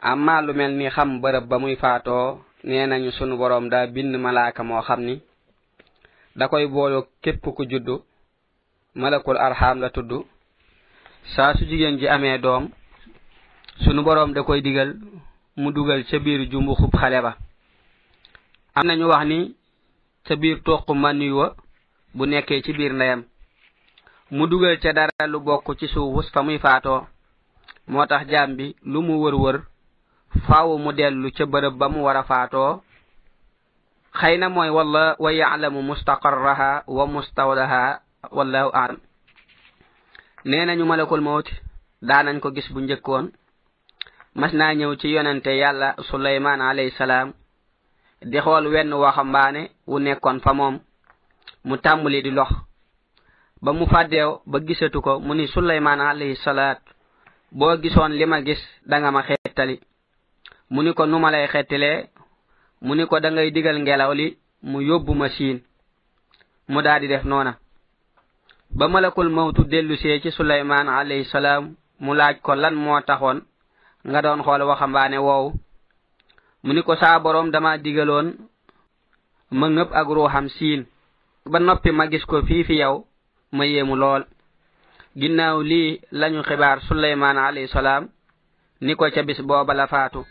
amma lu mel ni xam bërëb ba muy faatoo nee nañu sunu boroom daa bind malaaka moo xam ni da koy booloo képp ku juddu malakul arxaam la tudd saa su jigéen ji amee doom sunu boroom da koy digal mu dugal ca biir jumbu xub xale ba am na ñu wax ni ca biir toq manuy wa bu nekkee ci biir ndeyam mu dugal ca dara lu bokk ci suufus fa muy faatoo moo tax jaam bi lu mu wër wër faaw mu dellu ca bërëb ba mu war a faatoo xëy na mooy wala wa yaalamu mustaqarraha wa mustawdaha wallahu aalam nee nañu malakul mawti daanañ ko gis bu njëkkoon mas naa ñëw ci yonante yàlla suleymaan alayhi salaam di xool wenn waxambaane wu nekkoon fa moom mu tàmbali di lox ba mu fàddeew ba gisatu ko mu ni suleymaan alayhi salaat boo gisoon li ma gis danga ma xettali mu ni ko nu ma lay xettilee mu ni ko da ngay digal ngelaw li mu yóbbu ma siin mu daa di def noona ba malakul mawtu dellu see ci suleyman alayhi salaam mu laaj ko lan moo taxoon nga doon xool waxambaane woow mu ni ko saa boroom dama digaloon ma ngëpp ak ruuxam siin ba noppi ma gis ko fii fi yow ma yéemu lool ginnaaw lii lañu xibaar suleyman alayhi salaam ni ko ca bis booba la faatu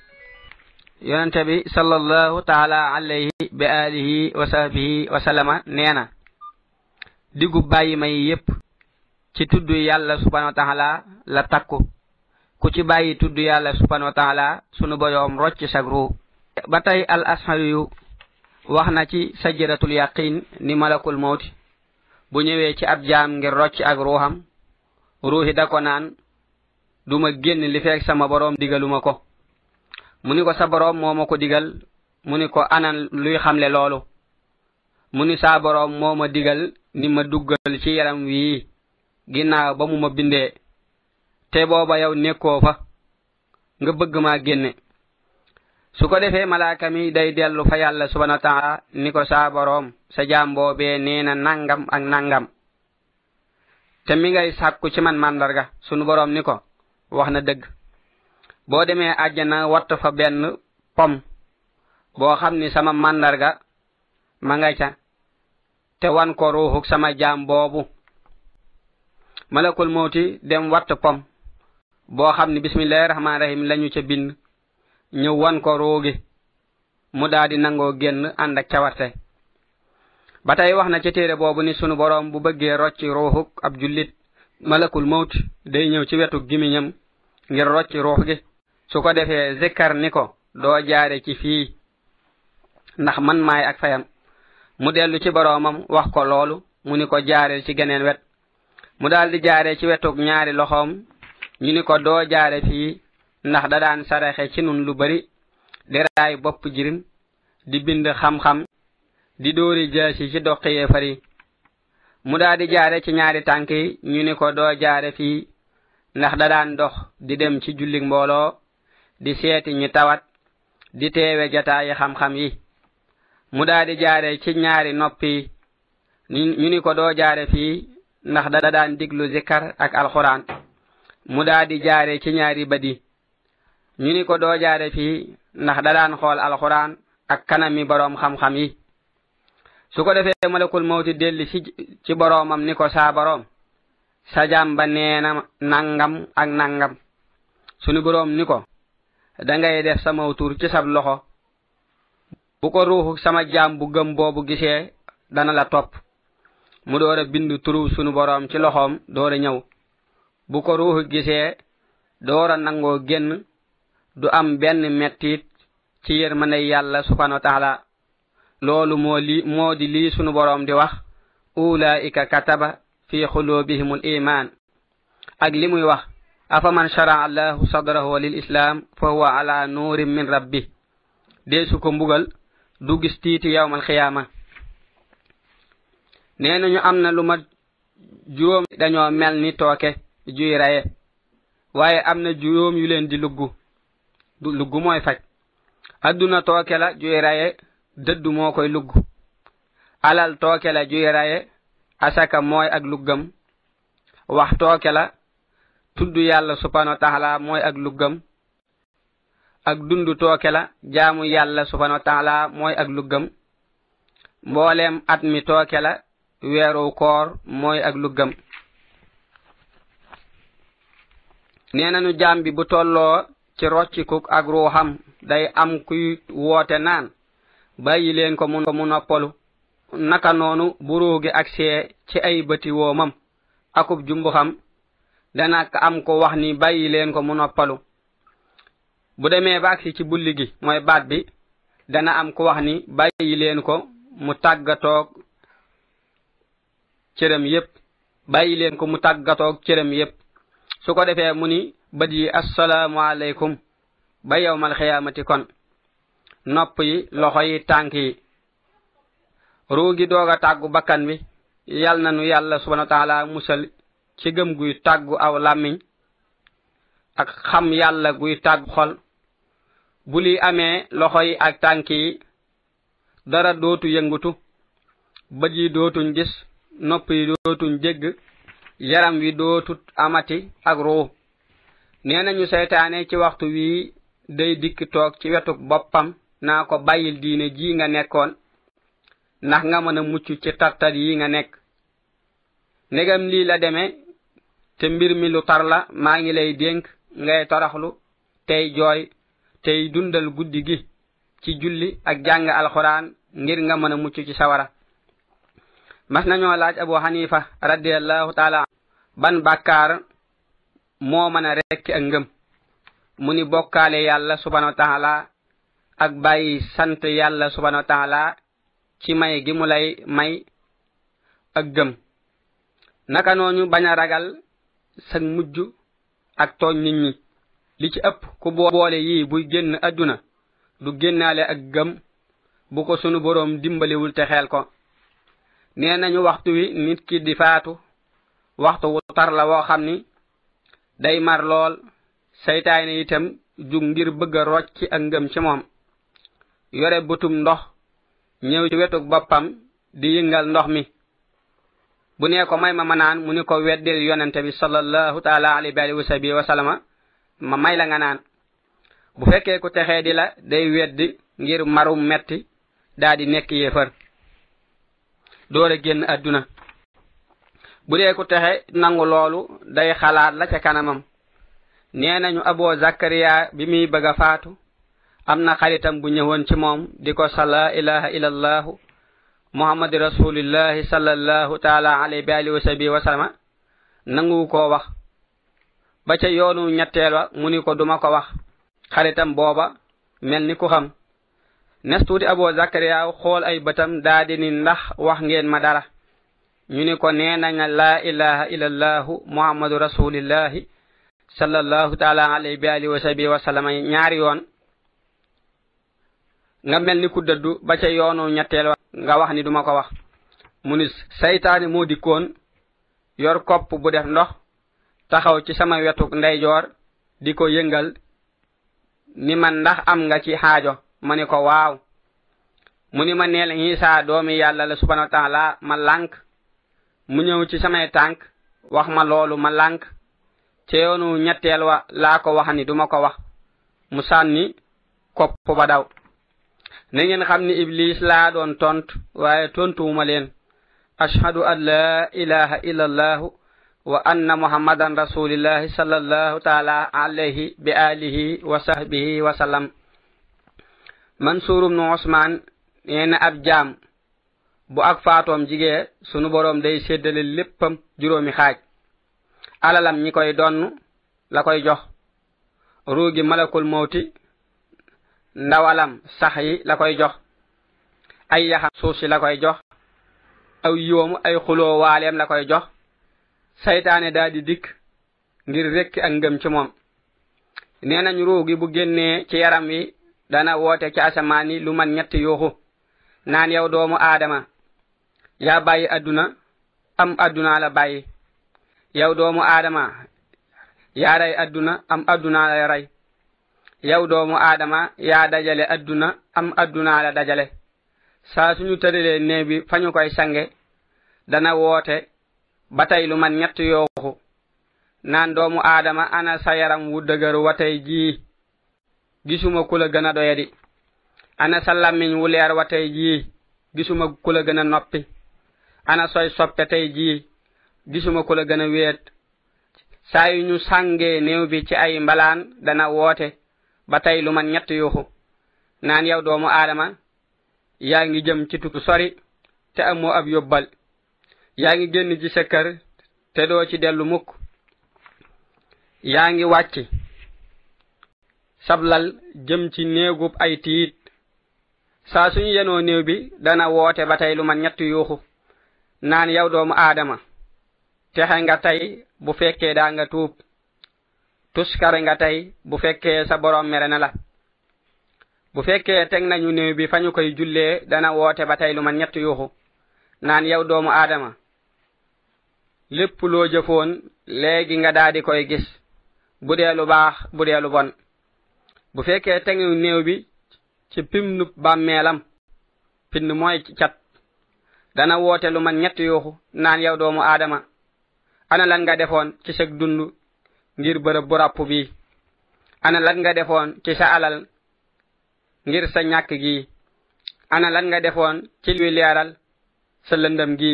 yonente bi sallallahu taala alayhi bi alihi wa sahbihi wa sallama nee na diggu bàyyi may yépp ci tudd yàlla subhanahu wa taala la takku ku ci bàyyi tudd yàlla subhanahu wa taala sunu boyoom rocc sag ruu ba tey al wax na ci sajaratul yaqin ni malakul mawti bu ñëwee ci ab jaam ngir rocc ak ruuxam ruuxi da ko naan duma génn li feek sama boroom digaluma ko mu ni ko sa boroom moo ma ko digal mu ni ko anan luy xamle loolu mu ni saa boroom moo ma digal ni ma duggal ci yaram wii ginnaaw ba mu ma bindee te booba yow nekkoo fa nga bëgg maa génne su ko defee malaaka mi day dellu fa yàlla subhanahu wa ni ko saa boroom sa jaam boobee nee na nangam ak nangam te mi ngay sàkku ci man màndarga sunu boroom ni ko wax na dëgg boo demee àjjana watt fa benn pom boo xam ni sama màndarga ma nga ca te wan ko ruuxuk sama jaam boobu malakul mawti dem watt pom boo xam ni bismillahi rahmaan rahim lañu ca bind ñu wan ko ruu gi mu daal di nangoo génn ànd ak cawarte ba tey wax na ca téere boobu ni sunu boroom bu bëggee rocc ruuxuk ab jullit malakul mawt day ñëw ci wetu gimiñam ngir rocc ruux gi su ko defee zikkar ni ko doo jaare ci fii ndax man maay ak fayam mu dellu ci boroomam wax ko loolu mu ni ko jaareel ci geneen wet mu daal di jaare ci wetug ñaari loxoom ñu ni ko doo jaare fii ndax da daan saraxe ci nun lu bari di raay bopp jirim di bind xam-xam di dóori jaasi ci doqi yeefar yi mu daal di jaare ci ñaari tànk yi ñu ni ko doo jaare fii ndax da daan dox di dem ci julli mbooloo di seeti ñi tawat di teewe jataayi xam-xam yi mu daldi jaare ci ñaari noppi ñu ni ko doo jaare fii ndax da daan diglu zikkar ak alxuraan mu daldi jaare ci ñaari badi ñu ni ko doo jaare fii ndax da daan xool alxuraan ak kanami borom xam-xam yi su ko defee malakul mawti delli ci ci boroomam ni ko saa boroom sa jàmba nee nangam ak nangam sunu boroom ni ko dangay def sama tur ci sab loxo bu ko ruuxu sama jaam bu gëm boobu gisee dana la topp mu door a bind turu sunu boroom ci loxoom door a ñëw bu ko ruuxu gisee door a nangoo génn du am benn mettit ci yërmande yàlla subhanahu wa taala loolu moo di lii sunu boroom di wax ulaika kataba fi xuluubihimul imaan ak li muy wax afa man shara allahu sadrahu lil islaam fa huwa ala nuurin min rabbi deesu ko mbugal du gis tiiti yawmal xiyaama nee nañu am na lu ma juróom dañoo mel ni tooke juy waaye am na juróom yu leen di lugg lugg mooy faj adduna tooke la juy dëddu moo koy lugg alal tooke la juy asaka mooy ak luggam wax tooke la tuddu yàlla subhanahu wa taala mooy ak luggam ak dundu tooke la jaamu yàlla subhanahu wa taala mooy ak luggam mbooleem at mi tooke la weeru koor mooy ak luggam nee nañu jaam bi bu tolloo ci roccikuk ak ruuxam day am kuy woote naan bàyyi leen ko mun ko mu noppalu naka noonu buruu gi ak see ci ay bëti woomam akub jumbuxam dana am ko wax ni bàyyi leen ko mu noppalu bu demee ba agsi ci bulli gi mooy baat bi dana am ko wax ni bàyyi leen ko mu tàggatoog cëram yépp bàyyi leen ko mu tàggatoog cëram yépp su ko defee mu ni bët yi asalaamaaleykum ba yowmal xiyaamati kon nopp yi loxo yi tànk yi ruu gi tàggu bakkan bi yal na nu yàlla subhanahu musal ci gëm guy tàggu aw làmmiñ ak xam yàlla guy tàggu xol bu li amee loxo yi ak tànk yi dara dootu yëngutu bët yi dootuñ gis nopp yi dootuñ dégg yaram wi dootut amati ak ruu nee nañu seytaane ci waxtu wi day dikk toog ci wetu boppam naa ko bàyyil diine ji nga nekkoon ndax nga mën a mucc ci tartar yi nga nekk ndegam lii la demee te mbir mi lu tar la maa ngi lay dénk ngay toraxlu tey jooy tey dundal guddi gi ci julli ak jàng alxuraan ngir nga mën a mucc ci sawara mas nañoo laaj abu xanifa radiallahu taala ban bàkkaar moo mën a rekki ak ngëm mu ni bokkaale yàlla subhanahu wa taala ak bàyyi sant yàlla subhanahu wa taala ci may gi mu lay may ak gëm naka nooñu bañ a ragal sag mujj ak tooñ nit ñi li ci ëpp ku boole yii buy génn àdduna du génnaale ak gëm bu ko sunu boroom dimbaliwul te xeel ko nee nañu waxtu wi nit ki di faatu waxtu wu tar la woo xam ni day mar lool seytaane itam ju ngir bëgg a rocc ci ak ngëm ci moom yore butum ndox ñëw ci wetuk boppam di yëngal ndox mi bu ne ko may ma manaan mu ni ko weddel yonente bi sallallahu taala alayhi wa alihi wa sahbihi wa sallama ma may la nga naan bu fekkee ku texee di la day weddi ngir maru metti daa di nekk yéefar door a génn àdduna bu dee ku texe nangu loolu day xalaat la ca kanamam nee nañu aboo zakaria bi muy bëgg a faatu am na xaritam bu ñëwoon ci moom di ko sala ilaha illallahu muhammadi rasulillahi sallallahu taala alayhi bi alihi wa sahbihi ko wax ba ca yoonu ñetteel wa mu ni ko duma ko wax xaritam booba mel ni ku xam nes tuuti abo zakariya xool ay bëtam daldi ni ndax wax ngeen ma dara ñu ko nee nañ laa ilaha illallahu muhammadu rasulillahi sallallahu taala alayhi bi alihi wa ñaari yoon nga mel ni ku dëddu ba ca yoonu ñetteel nga wax ni duma ko wax mu ni saytaane moo di koon yor kopp bu def ndox taxaw ci sama wetu ndeyjoor di ko yëngal ni man ndax am nga ci xaajo ma ni ko waaw mu ni ma neel Isaa doomi yàlla la subhaana wa taala ma lànk mu ñëw ci samay tànk wax ma loolu ma lànk ca yoonu ñetteel wa laa ko wax ni duma ko wax mu sànni kopp ba daw na ngeen xam ni iblis laa doon tont waaye tontuwuma leen ashhadu an laa ilaha illa allahu wa anna muhammadan rasulillahi sallallahu taala alayhi bi alihi wa sahbihi wa mansuurum nu osmaan nee na ab jaam bu ak faatoom jigee sunu boroom day séddale léppam juróomi xaaj alalam ñi koy donn la koy jox ruugi malakul mawti ndawalam sax yi la koy jox ay yaxam suuf la koy jox aw yoomu ay xuloo waaleem la koy jox saytaane daal di dikk ngir rekki ak ngëm ci moom nee nañ ruu bu génnee ci yaram wi dana woote ci asamaan yi lu man ñetti yooxu naan yow doomu aadama yaa bàyyi adduna am addunaa la bàyyi yow doomu aadama yaa adduna am addunaa la rey yow doomu aadama yaa dajale adduna am addunaa la dajale saa suñu tëralee nee bi fa ñu koy sànge dana woote ba tey lu man ñett yooxu naan doomu aadama ana sa yaram wu dëgër wa tey jii gisuma ku la gën a doye di ana sa lammiñ wu leer wa tey jii gisuma ku la gën a noppi ana soy soppe tey jii gisuma ku la gën a weet saa yu ñu sàngee néew bi ci ay mbalaan dana woote ba tey lu man ñetti yuuxu naan yow doomu aadama yaa ngi jëm ci tukki sori te amoo ab yóbbal yaa ngi génn ci sa te doo ci dellu mukk yaa ngi wàcc sablal jëm ci néegub ay tiit saa suñu yenoo néew bi dana woote ba tey lu man ñetti yuuxu naan yow doomu aadama texe nga tey bu fekkee daa nga tuub tuskar nga tey bu fekkee sa borom mere na la bu fekkee teg nañu néew bi fañu koy jullee dana woote ba tey lu ma ñett yuuxu naan yow doomu aadama lépp loo jëfoon léegi nga daa di koy gis bu dee lu baax bu dee lu bon bu fekkee teg nañu néew bi ci pimnu bàmmeelam pinn mooy cat dana woote lu ma ñett yuuxu naan yow doomu aadama ana lan nga defoon ci seg dund ngir bërëb bu ràpp bi ana lan nga defoon ci sa alal ngir sa ñàkk gi ana lan nga defoon ci luy leeral sa lëndëm gi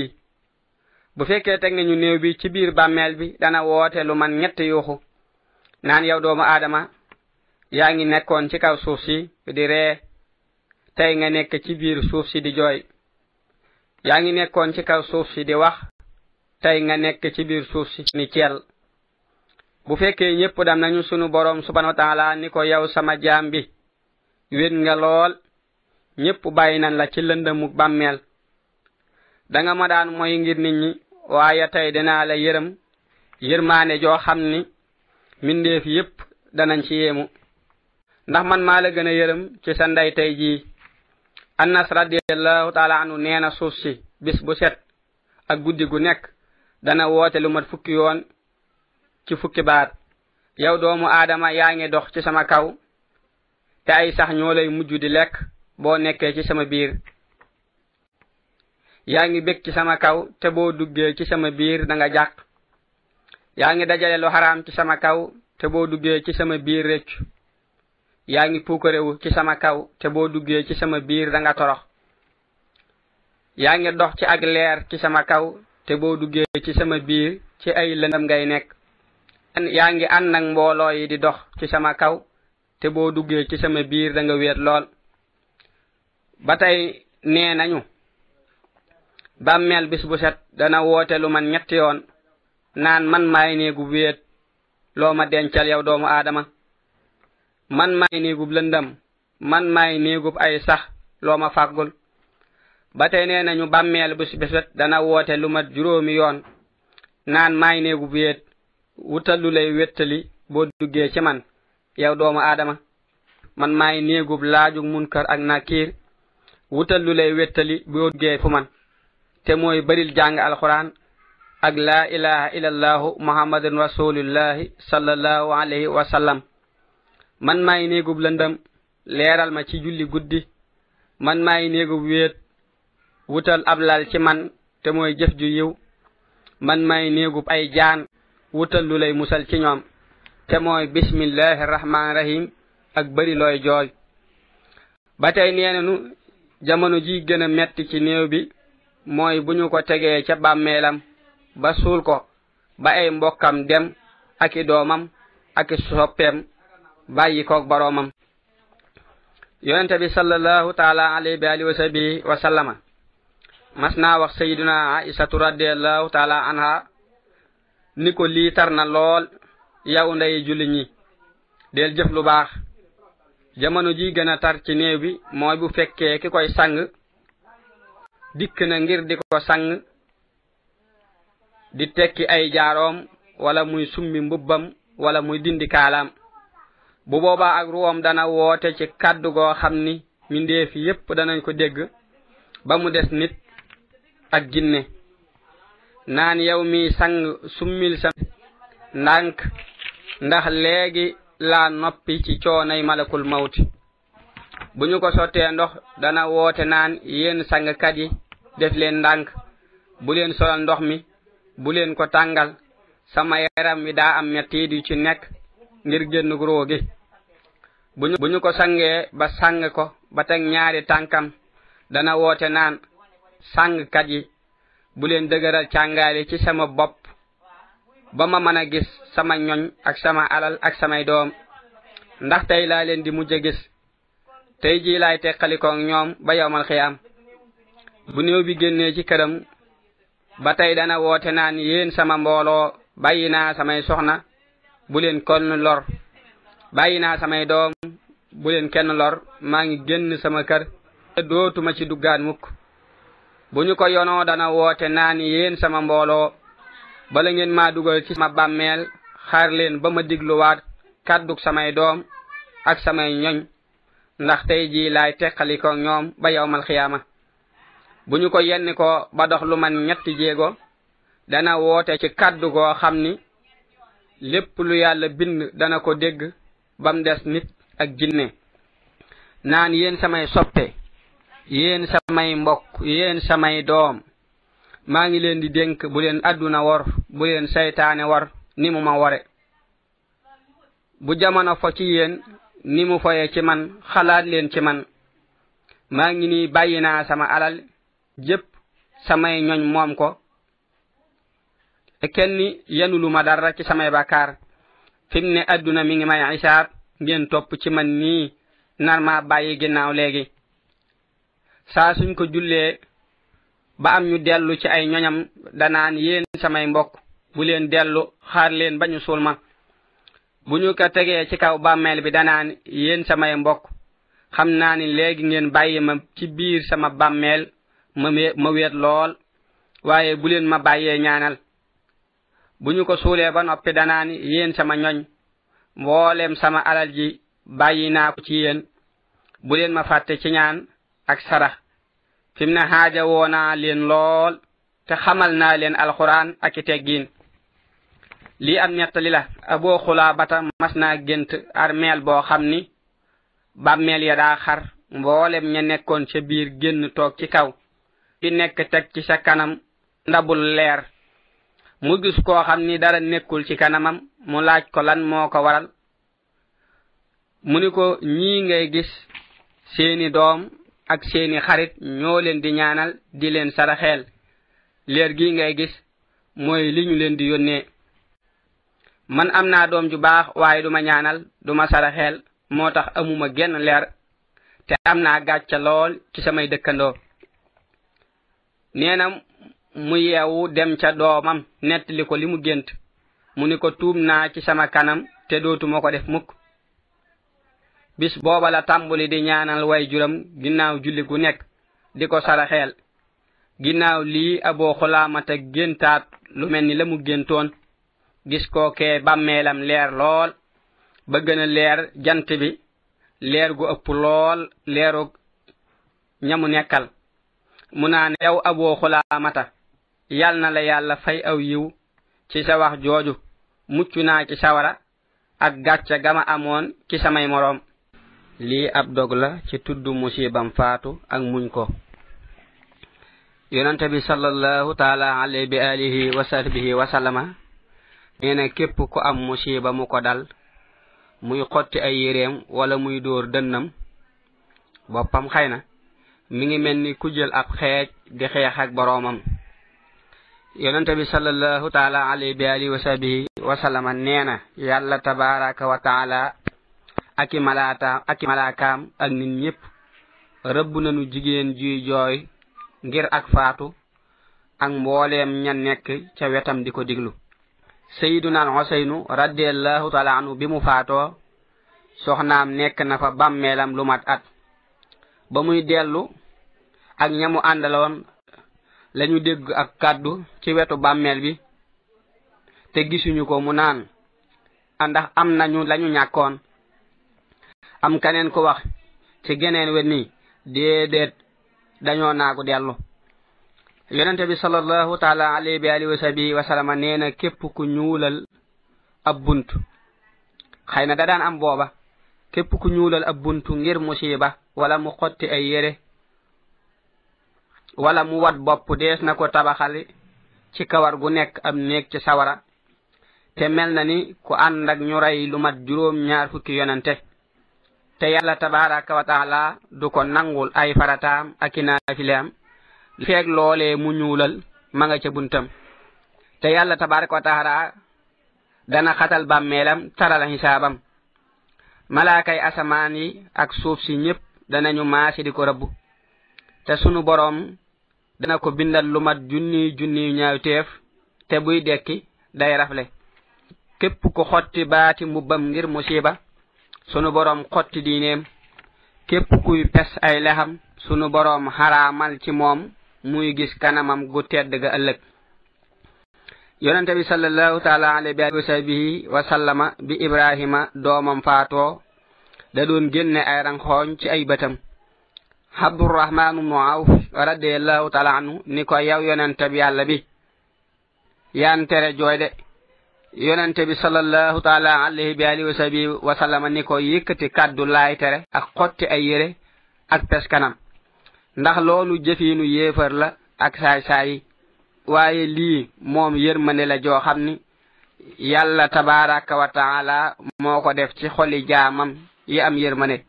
bu fekkee teg nañu néew bi ci biir bàmmeel bi dana woote lu man ñett yuuxu naan yow doomu aadama yaa ngi nekkoon ci kaw suuf si di ree tey nga nekk ci biir suuf si di jooy yaa ngi nekkoon ci kaw suuf si di wax tey nga nekk ci biir suuf si ni ciel bu fekkee ñépp dam nañu sunu boroom subhanahu ni ko yow sama jaam bi wét nga lool ñépp bàyyi nañ la ci lëndëmu bàmmeel danga ma daan moy ngir nit ñi waaye tey dinaa la yërëm yërmaane joo xam ni mbindeef yépp danañ ci yéemu ndax man maa la gën a yërëm ci sa ndey tey jii annas radiallahu taala anu nee na suuf si bis bu set ak guddi gu nekk dana woote lu mat fukki yoon ci fukki baat yow doomu aadama yaa ngi dox ci sama kaw te ay sax ñoo lay mujj di lekk boo nekkee ci sama biir yaa ngi bég ci sama kaw te boo duggee ci sama biir da yaa ngi dajale lu sama kaw te boo duggee ci sama biir réccu yaa ngi puukarewu ci sama kaw te boo duggee ci sama biir danga nga torox yaa ngi dox ci ak leer ci sama kaw te boo duggee ci sama biir ci ay lëndam ngay nekk yaa ngi ànd nag mbooloo yi di dox ci sama kaw te boo duggee ci sama biir da nga wéet lool ba tey nee nañu bàmmeel bis bu set dana woote lu man ñetti yoon naan man maay néegub wéet loo ma dencal yow doomu aadama man maay néegub lëndam man maay néegub ay sax loo ma fàggul ba tey nee nañu bàmmeel bis bu set dana woote lu mat juróomi yoon naan maay néegub wéet wutal lu lay wettali boo duggee ci man yow doomu aadama man maay néegub laajug munkar ak nakiir wutal lu lay wettali boo fu man te mooy baril jàng alxuraan ak laa ilaha illallahu muhammadun rasulillahi sallallahu alayhi wa sallam man maay néegub lëndam leeral ma ci julli guddi man maay néegub wéet wutal ablal ci man te mooy jëf ju yiw man maay néegub ay jaan wutal lu lay musal ci ñoom te mooy bismillahi rahmaani rahim ak bari looy jooy ba tey nee nañu jamono ji gën a metti ci néew bi mooy bu ñu ko tegee ca bàmmeelam ba suul ko ba ay mbokkam dem ak i doomam ak i soppeem bàyyi kook boroomam yonente bi sallallahu taala alayhi ni ko lii na lool yow ndey julli ñi del jëf lu baax jamono ji gën a tar ci néew bi mooy bu fekkee ki koy sang dikk na ngir di ko sang di tekki ay jaaroom walla muy sumbi mbubbam wala muy dindi kaalam bu boobaa ak ruwam dana woote ci kàddu goo xam ni mindeef yépp danañ ko dégg ba mu des nit ak jinne naan yow mii sang summil sa ndànk ndax léegi laa noppi ci coonay malakul mawti bu ñu ko sottee ndox dana woote naan yéen sangkat yi def leen ndànk bu leen solal ndox mi bu leen ko tàngal sama yaram mi daa am mettiid yu ci nekk ngir génn roo gi bu ñu ko sangee ba sàng ko ba teg ñaari tànkam dana woote naan sangkat yi bu leen dëgëral càngaale ci sama bopp ba ma mën a gis sama ñoñ ak sama alal ak samay doom ndax tey laa leen di mujj a gis tey jii laay teqalikoog ñoom ba yowmal xiyaam bu néew bi génnee ci këram ba tey dana woote naan yéen sama mbooloo bàyyi naa samay soxna bu leen kenn lor bàyyi naa samay doom bu leen kenn lor maa ngi génn sama kër te dootuma ci duggaan mukk bu ñu ko yonoo dana woote naa ni yéen sama mbooloo bala ngeen maa dugal ci ma bàmmeel xaar leen ba ma digluwaat kàddug samay doom ak samay ñoñ ndax tey jii laay teqaliko ñoom ba yawmal xiyaama bu ñu ko yenn ko ba dox lu man ñetti jéego dana woote ci kàddu goo xam ni lépp lu yàlla bind dana ko dégg bam des nit ak jinné naan yéen samay soppe yéen samay mbokk yéen samay doom maa ngi leen di dénk bu leen àdduna wor bu leen saytaane war ni mu ma ware bu jamono fo ci yéen ni mu foye ci man xalaat leen ci man maa ngi nii bàyyi naa sama alal jépp samay ñoñ moom ko te kenn yenu ma dara ci samay bakar fi ne àdduna mi ngi may isaar ngeen topp ci man nii nar ma bàyyi ginnaaw léegi saa suñ ko jullee ba am ñu dellu ci ay ñoñam danaan yéen samay mbokk bu leen dellu xaar leen ba ñu suul ma bu ñu ko tegee ci kaw bàmmeel bi danaan yéen samay mbokk xam naa ni léegi ngeen bàyyi ma ci biir sama bàmmeel ma wéet lool waaye bu leen ma bàyyee ñaanal bu ñu ko suulee ba noppi danaan yéen sama ñoñ mboolem sama alal ji bàyyi naa ko ci yéen bu leen ma fàtte ci ñaan ak sarax fim mu ne xaaja woo naa leen lool te xamal naa leen alxuraan ak i teggiin lii am nettali la aboo xulaa bata mas naa gént armeel boo xam ni bàmmeel ya daa xar mboolem ña nekkoon ca biir génn toog ci kaw ci nekk teg ci sa kanam ndabul leer mu gis koo xam ni dara nekkul ci kanamam mu laaj ko lan moo ko waral mu ni ko ñii ngay gis seeni doom ak seeni xarit ñoo leen di ñaanal di leen saraxeel leer gi ngay gis mooy li ñu leen di yónnee man am naa doom ju baax waaye duma ñaanal duma saraxeel moo tax amuma genn leer te am naa gàcca lool ci samay dëkkandoo nee mu yeewu dem ca doomam nettali ko li mu gént mu ni ko tuub naa ci sama kanam te dootuma ko def mukk bis booba la tàmbuli di ñaanal way juram ginnaaw julli gu nekk di ko saraxeel ginnaaw lii aboo xulaamata géntaat lu mel ni la mu géntoon gis kookee bàmmeelam leer lool ba gën leer jant bi leer gu ëpp lool leeru ñamu nekkal mu naan yow aboo xulaamata yal na la yàlla fay aw yiw ci sa wax jooju mucc naa ci sawara ak gàcce gama amoon ci samay moroom li ab dog la ci tudd musibam faatu ak muñ ko yonante bi sallallahu taala alayhi bi alihi wa sahbihi wa sallama neena képp ku am musiba mu ko dal muy xotti ay yéreem wala muy dóor dënnam boppam xëy na mi ngi mel ni ku jël ab xeej di xeex ak boroomam yonante bi sallallahu taala alayhi bi alihi wa sahbihi wa sallama neena yàlla tabaraka wa taala ak i malaataam ak i ak nit ñépp rëbb nañu jigéen juy jooy ngir ak faatu ak mbooleem ña nekk ca wetam di ko diglu sayiduna al xoseynu radiallahu taala anhu bi mu faatoo soxnaam nekk na fa bàmmeelam lu mat at ba muy dellu ak ñamu àndaloon lañu dégg ak kàddu ci wetu bàmmeel bi te gisuñu ko mu naan ndax am nañu lañu ñàkkoon am keneen ku wax ci geneen we nii déedéet dañoo naagu dellu yonente bi sallallahu taala bi alihi wa sahbihi nee na képp ku ñuulal ab bunt xëy na da daan am booba képp ku ñuulal ab bunt ngir musiba walla mu xotti ay yére walla mu wat bopp dees na ko tabaxali ci kawar gu nekk am néeg ci sawara te mel na ni ku ànd ak ñu rey lu mat juróom ñaar fukki yonente te yàlla tabaraka wa du ko nangul ay farataam ak i naafileem loole mu ñuulal ma nga ca buntam te yàlla tabaraka wa dana xatal bàmmeelam taral xisaabam malaakay asamaan yi ak suuf si ñépp danañu maasi di ko rëbb te sunu boroom dana ko bindal lu mat junniy junniy te buy dekki day rafle képp ku xotti baati mbubbam ngir musiba sunu boroom xotti diineem képp kuy pes ay lexam sunu boroom xaraamal ci moom muy gis kanamam gu tedd ga ëllëg yonente bi sallallahu taala alayhi wa sahbihi wa sallama bi ibrahima doomam faatoo da doon génne ay ranxooñ ci ay bëtam abdurahmaan ibnu awf radiallahu taala anhu ni ko yow yonente bi yàlla bi yaan tere jooy de yonente bi sallallahu taala alayhi bi alihi wa sabi wasallama ni ko yëkkati kàddu laay tere ak xotti ay yére ak pes ndax loolu jëfiinu yéefar la ak saay-saay waaye lii moom yërmande la joo xam ni yàlla tabaraka wa taala moo ko def ci xoli jaamam yi am yërmande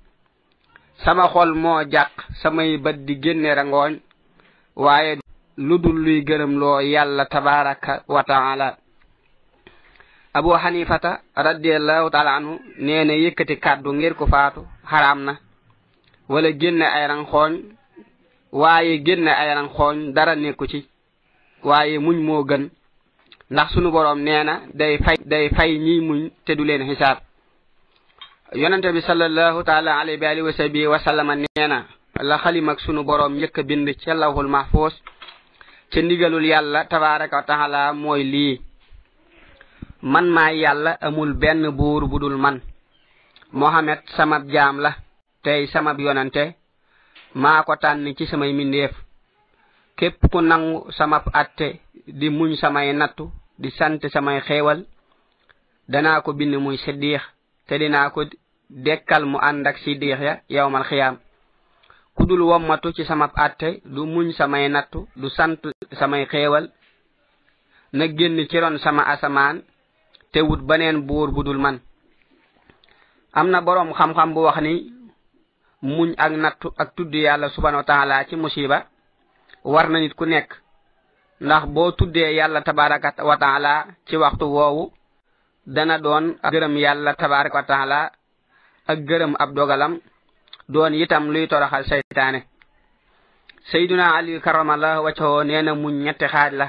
sama xol moo jàq samay bët di génne rangooñ waaye lu dul luy loo yàlla tabaraka wa taala abu xanifata radiallahu taala anhu nee yëkkati kàddu ngir ku faatu xaraam na wala génne ay ranxooñ waaye génne ay ranxooñ dara nekku ci waaye muñ moo gën ndax sunu boroom nee na day fay day fay ñiy muñ te du leen xisaab yonente bi sallallahu taala alayhi wa alihi wa sahbihi wa na la xalimak sunu boroom njëkk bind ca lawhul mahfuus ca ndigalul yàlla tabaraka wa taala mooy lii man maa yàlla amul benn buur bu dul man mohamed samab jaam la tey samab yonante maa ko tànn ci samay mindeef képp ku nangu samab atte di muñ samay nattu di sant samay xéewal danaa ko bind muy siddiix te dinaa ko dekkal mu ànd ak siddiix ya yowmal xiyaam ku dul wommatu ci samab atte du muñ samay nattu du sant samay xéewal na génn ci ron sama asamaan te wut beneen buur bu dul man am na boroom xam-xam bu wax ni muñ ak nattu ak tudd yàlla subhanahu wa ci musiba war na nit ku nekk ndax boo tuddee yàlla tabaraka wa taala ci waxtu woowu dana doon gërëm yàlla tabaraka wa taala ak gërëm ab dogalam doon itam luy toroxal seytaane seyduna ali karamallahu wajhahu nee na muñ ñetti xaaj la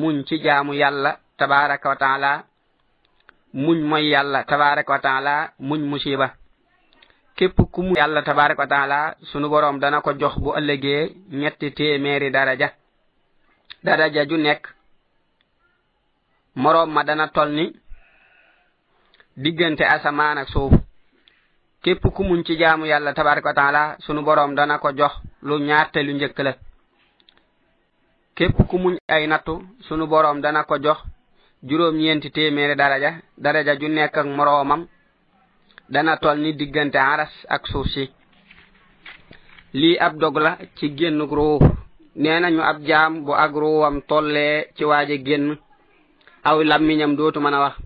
muñ ci jaamu yàlla tabaraka wa taala muñ moy yalla tabaaraku ta'ala muñ musiba kep ku mu yalla tabaaraku ta'ala sunu borom dana ko jox bu ëllëgé ñetti téméri daraja daraja ju nekk morom ma dana tolni digënté asamaan ak suuf kep ku muñ ci jaamu yalla tabaaraku ta'ala sunu borom dana ko jox lu ñaarte lu ñëkk la kep ku muñ ay nattu sunu borom dana ko jox juróom ñeenti téeméeri daraja daraja ju nekk ak moroomam dana toll ni diggante aras ak suuf si lii ab dog la ci génn ruuf nee nañu ab jaam bu ak ruuwam tollee ci waaja génn aw lammiñam dootu mën a wax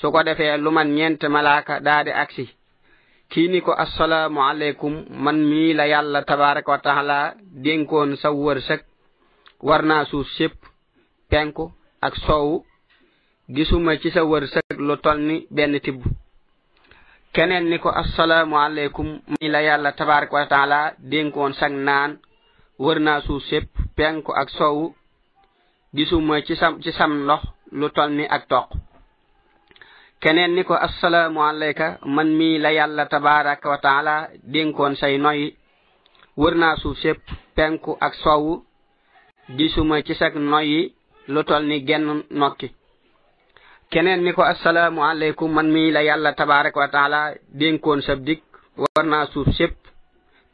su ko defee lu man ñeent malaaka daadi aksi kii ni ko asalaamualeykum man mii la yàlla tabaraka wa taala dénkoon sa wërsëg war naa suuf sépp penku ak soowu gisuma ci sa wërsëg lu tol ni benn tibb keneen ni ko assalaamu aleykum mi la yàlla tabaraka wa taala dénkoon sag naan wër naa suuf sépp penku ak sowu gisuma ci sam ci sam ndox lu tol ni ak toq keneen ni ko assalaamu alayka man mii la yàlla tabaraka wa taala dénkoon say noyyi wër naa suuf sépp penku ak sowu gisuma ci sag noyyi lu tol ni genn nokki keneen ni ko assalaamu aleykum man mii la yàlla tabaaraka wa taala dénkoon sab dikk war naa suuf sépp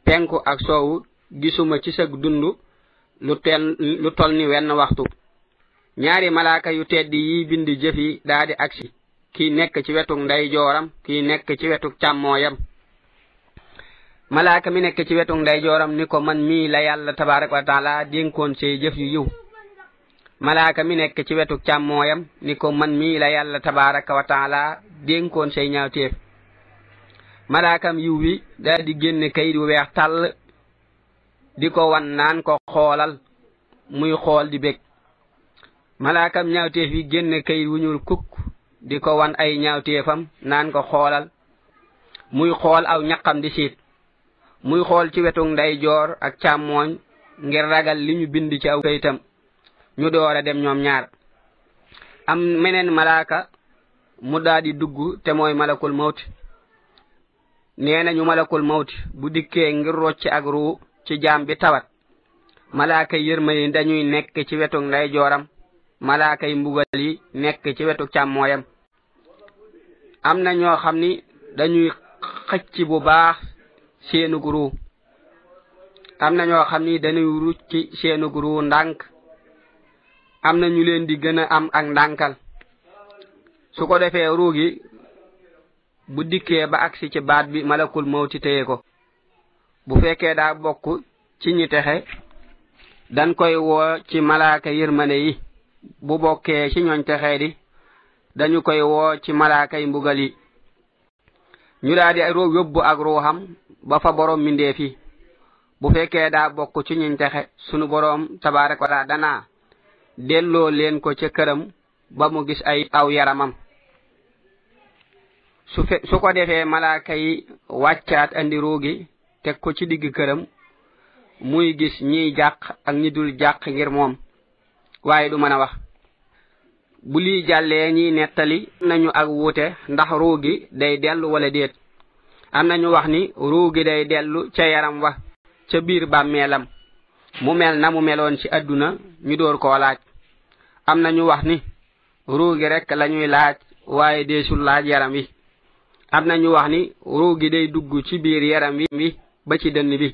penku ak soowu gisuma ci sag dund lu tel tol ni wenn waxtu ñaari malaaka yu tedd yi bind jëf daldi daa agsi kii nekk ci wetuk ndeyjooram kii nekk ci wetuk càmmooyam malaaka mi nekk ci wetuk ndeyjooram ni ko man mii la yàlla tabaaraka wa taala dénkoon say jëf yu yiw malaakam mi nekk ci wetu càmmooyam ni ko man mii la yàlla tabaraka wa taala dénkoon say ñaawteef malaakam yiw wi daal di génn kayit wu weex tàll di ko wan naan ko xoolal muy xool di bég malaakam ñaawteef yi génn kayit wu ñuul kukk di ko wan ay ñaawteefam naan ko xoolal muy xool aw ñaqam di siit muy xool ci wetu ndeyjoor ak càmmooñ ngir ragal li ñu bind ci aw kayitam ñu door dem ñoom ñaar am meneen malaaka mu daldi dugg te mooy malakul mawti nee ñu malakul mawti bu dikkee ngir rocc ak ruu ci jaam bi tawat malaaka yërma yi dañuy nekk ci wetu ndeyjooram malaaka yi nekk ci wetu càmmooyam am na ñoo xam ni dañuy xëcc bu baax seenug ruu am na ñoo xam ni dañuy rucc seenug ruu ndànk am na ñu leen di gën a am ak ndànkal su ko defee ruug yi bu dikkee ba agsi ci baat bi malakul mawti téye ko bu fekkee daa bokk ci ñi texe dan koy woo ci malaaka yërmane yi bu bokkee ci ñooñ texee di dañu koy woo ci malaaka yi mbugal yi ñu daa di roog yóbbu ak ruuxam ba fa borom mindee fii bu fekkee daa bokk ci ñiñ texe sunu borom tabaarak wala danaa delloo leen ko ca këram ba mu gis ay aw yaramam su ko defee malaaka yi wàccaat andi ruugi teg ko ci diggu këram muy gis ñiy jàq ak ñi dul jàq ngir moom waaye du mën a wax bu lii jàllee ñiy nettali nañu ak wuute ndax ruugi day dellu wala déet am nañu wax ni ruugi day dellu ca yaram wa ca biir bàmmeelam mu mel na mu meloon ci àdduna ñu dóor koo laaj am na ñu wax ni ruu gi rekk lañuy laaj waaye deesul laaj yaram wi am na ñu wax ni gi day dugg ci biir yaram wi ba ci dënn bi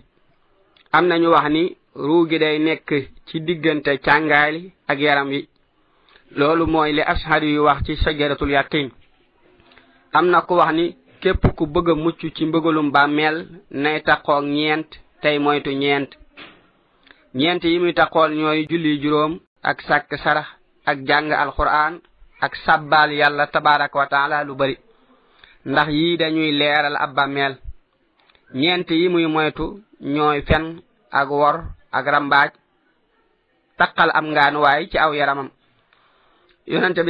am na ñu wax ni ruu gi day nekk ci diggante càngaay ak yaram wi loolu mooy li ashari yu wax ci sajaratul yaqin am na ku wax ni képp ku bëgg mucc ci mbëgalum bàmmeel nay taqoog ñeent tey moytu ñeent ñeent yi muy taqool ñooy julli juróom ak sàkk sarax ak jàng alquran ak sàbbaal yàlla tabaraka wa taala lu bari ndax yii dañuy leeral ab bàmmeel ñeent yi muy moytu ñooy fen ak wor ak rambaaj taqal am ngaanuwaay ci aw yaramam yonente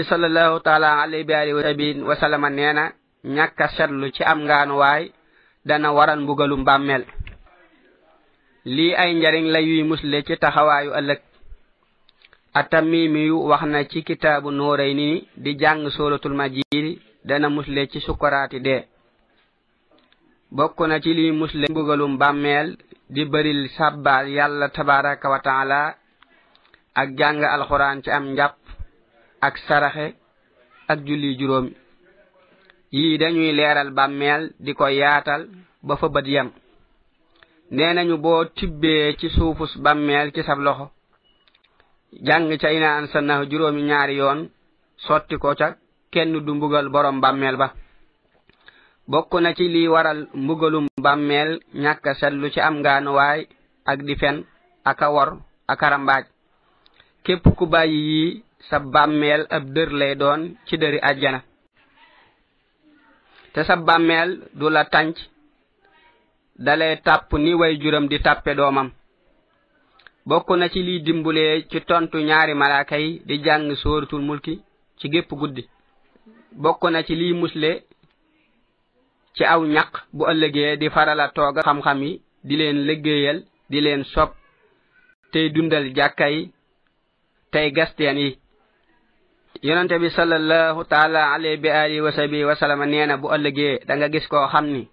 nee na ñàkk a ci am ngaanuwaay dana waral mbugalu mbàmmeel lii ay njariñ la yuy musle ci taxawaayu ëllëg attamimiyu wax na ci kitaabu nooray ni di jàng sóolatul majiid dana musle ci sukkaraati dee bokk na ci li musle mbugalum bàmmeel di bëril sàbbaal yàlla tabaraka wa ak jàng alxuraan ci am njàpp ak saraxe ak julli juróomi yii dañuy leeral bàmmeel di ko yaatal ba fa yam nee nañu boo tibbee ci suufus bàmmeel ci sab loxo jàng ca ina an sannahu juróomi ñaari yoon sotti ko ca kenn du mbugal borom bàmmeel ba bokk na ci li waral mbugalum bàmmeel ñàkka setlu ci am gaanuwaay ak di fen ak a wor ak a rambaaj képp ku bàyyi yi sa bàmmeel ab dër lay doon ci dëri àjjana te sa bàmmeel du la tànc dalay tàpp ni way juram di tàppe doomam bokk na ci liy dimbulee ci tontu ñaari malaaka yi di jàng sóoratul mulki ci gépp guddi bokk na ci li musle ci aw ñaq bu ëllëgee di farala toog xam-xam yi di leen liggéeyal di leen sopp tey dundal jàkka yi tey gasteen yi yonente bi sallallahu taala alayhi bi alihi wa sabi wa sallam nee na bu ëllëgee danga gis koo xam ni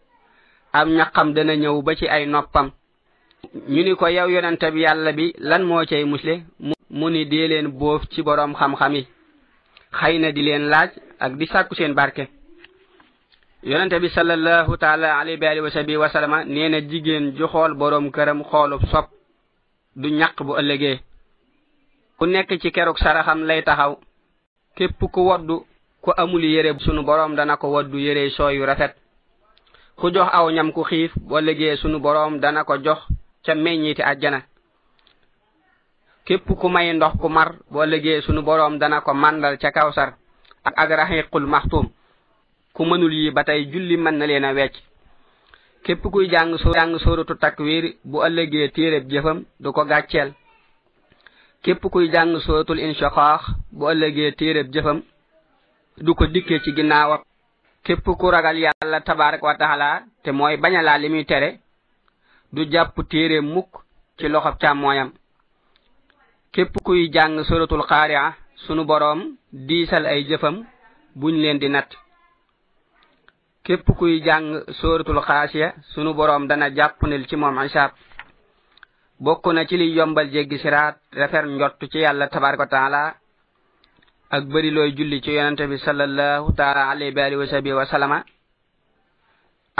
am ñaqam dana ñëw ba ci ay noppam ñu ni ko yow yonente bi yàlla bi lan moo cay musle mu ni dee leen boof ci boroom xam-xam yi xëy na di leen laaj ak di sàkku seen barke yonente bi sallallahu taala alayhi wa alihi wa sahbihi nee na jigéen ju xool boroom këram xoolub sob du ñàq bu ëllëgee ku nekk ci keruk saraxam lay taxaw képp ku woddu ku amul yére sunu boroom dana ko woddu yére sooyu rafet ku jox aw ñam ku xiif bu ëllëgee sunu boroom dana ko jox ca meññiti àjjana képp ku may ndox ku mar boo liggéey sunu borom dana ko màndal ca kawsar ak ak raxiqul maxtuum ku mënul yi ba tey julli mën na leen a wecc képp kuy jàng soo jàng takk takwiir bu ëllëgee téereb jëfam du ko gàcceel képp kuy jàng sóoratul inshiqaaq bu ëllëgee téereb jëfam du ko dikkee ci ginnaawam képp ku ragal yàlla tabaaraka wa taala te mooy bañalaa li tere du jàpp téere mukk ci loxob càmmooyam képp kuy jàng suratul xaaria sunu boroom diisal ay jëfam buñ leen di natt képp kuy jàng suratul xaasiya sunu boroom dana jàppnel ci moom isaab bokk na ci liy yombal jéggi siraat refer njott ci yàlla tabaraka taala ak bëri julli ci yonente bi sallallahu taala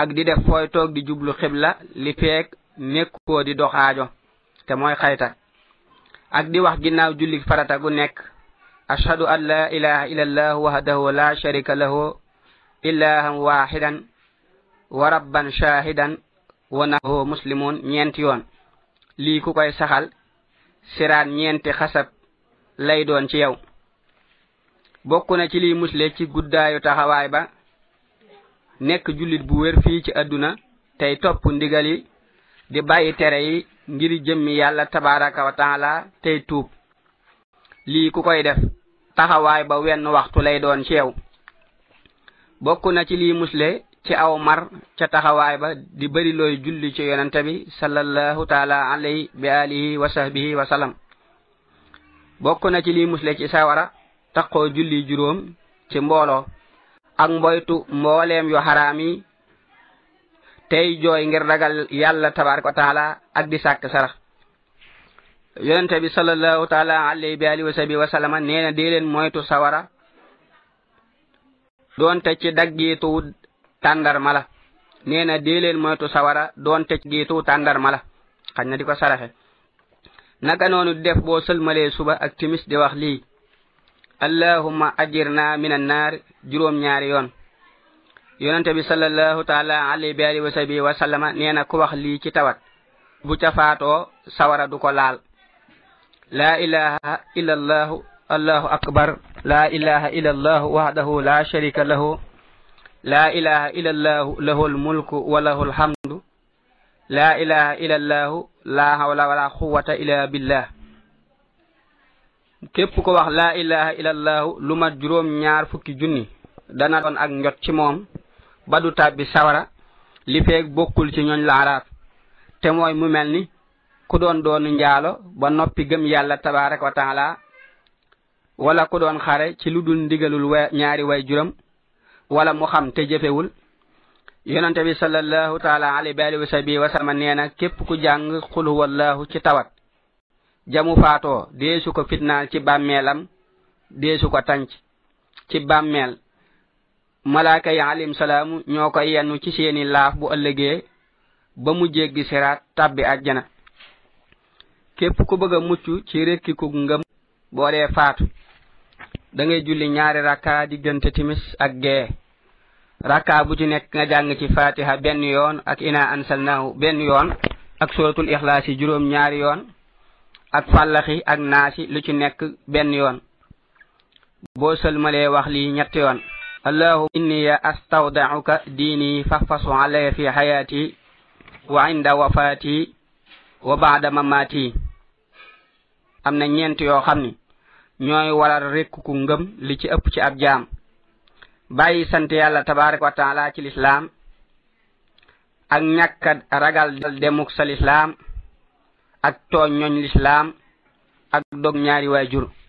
ak di def fooy toog di jublu xibla li feek nekkoo di doxaajo te mooy xayta ak di wax ginnaaw julli farata gu nekk ashadu an la ilaha illa allah wahdahu la sharika lahu ilahan waxidan wa rabban shahidan wa nahu muslimun ñeent yoon lii ku koy saxal siraan ñeenti xasab lay doon ci yow bokk na ci lii musle ci guddaayu taxawaay ba nekk jullit bu wér fii ci adduna tey topp ndigal yi di bàyyi tere yi ngir jëmmi yàlla tabaraka wa taala tey tuub lii ku koy def taxawaay ba wenn waxtu lay doon ceew bokk na ci lii musle ci aw mar ca taxawaay ba di bëri looy julli ci yonente bi salallahu taala alay bi alihi wa sahbihi wa salam bokk na ci lii musle ci sawara taqoo julli juróom ci mbooloo ak mboytu mbooleem yu haraam yi tey jooy ngir ragal yàlla tabaraka wa taala ak di sàkk sarax yonente bi salallahu taala alayhi bi sabi wa sallama nee na leen moytu sawara doonte ci daggiitu tàndarma la nee na dee leen moytu sawara doonte ci giitu tàndarma la xañ na di ko saraxe naka noonu def boo sëlmalee suba ak timis di wax lii allahumma ajirna min annaar juróom ñaari yoon yonente bi sallallahu taala alayhi bi alihi wa sahbihi wa sallama nee ci tawat bu ca sawara du ko laal laa ilaha illa allahu akbar laa ilaha illa allahu wahdahu sharika lahu laa ilaha illa lahu lahu alhamdu laa ilaha illa billah képp ko laa ilaha illa allahu juróom ñaar fukki junni dana doon ak njot moom ba du tàbbi sawara li feeg bokkul ci ñooñ laaraaf te mooy mu mel ni ku doon doonu njaalo ba noppi gëm yàlla tabaaraka wa taala wala ku doon xare ci lu dul ndigalul we ñaari way juram wala mu xam te jëfewul yonente bi sallallahu taala nee na képp ku jàng xul huwallahu ci tawat jamu faatoo deesu ko fitnaal ci bàmmeelam deesu ko tànc ci bàmmeel malaaka yi alim salaamu ñoo koy yennu ci seeni laaf bu ëllëgee ba mu jéggi siraat tàbbi àjjana képp ku bëgg a mucc ci rekki ku ngëm boo dee faatu da julli ñaari rakka diggante timis ak gee rakka bu ci nekk nga jàng ci fatiha benn yoon ak ina ansalnaahu benn yoon ak suratul ixlaas yi juróom ñaari yoon ak fàllaxi ak naasi lu ci nekk benn yoon boo sëlmalee wax lii ñetti yoon allahuma inni astawdauka diini fahfasu alayya fi hayaati wa inda wafaati wa baada mamaati am na ñeent yoo xam ni ñooy waral rekk ku li ci ëpp ci ab jaam bàyyi sant yàlla tabaraka wa taala ci lislaam ak ñàkka ragal demuk lislaam ak tooñ ñooñ lislaam ak dog ñaari waajur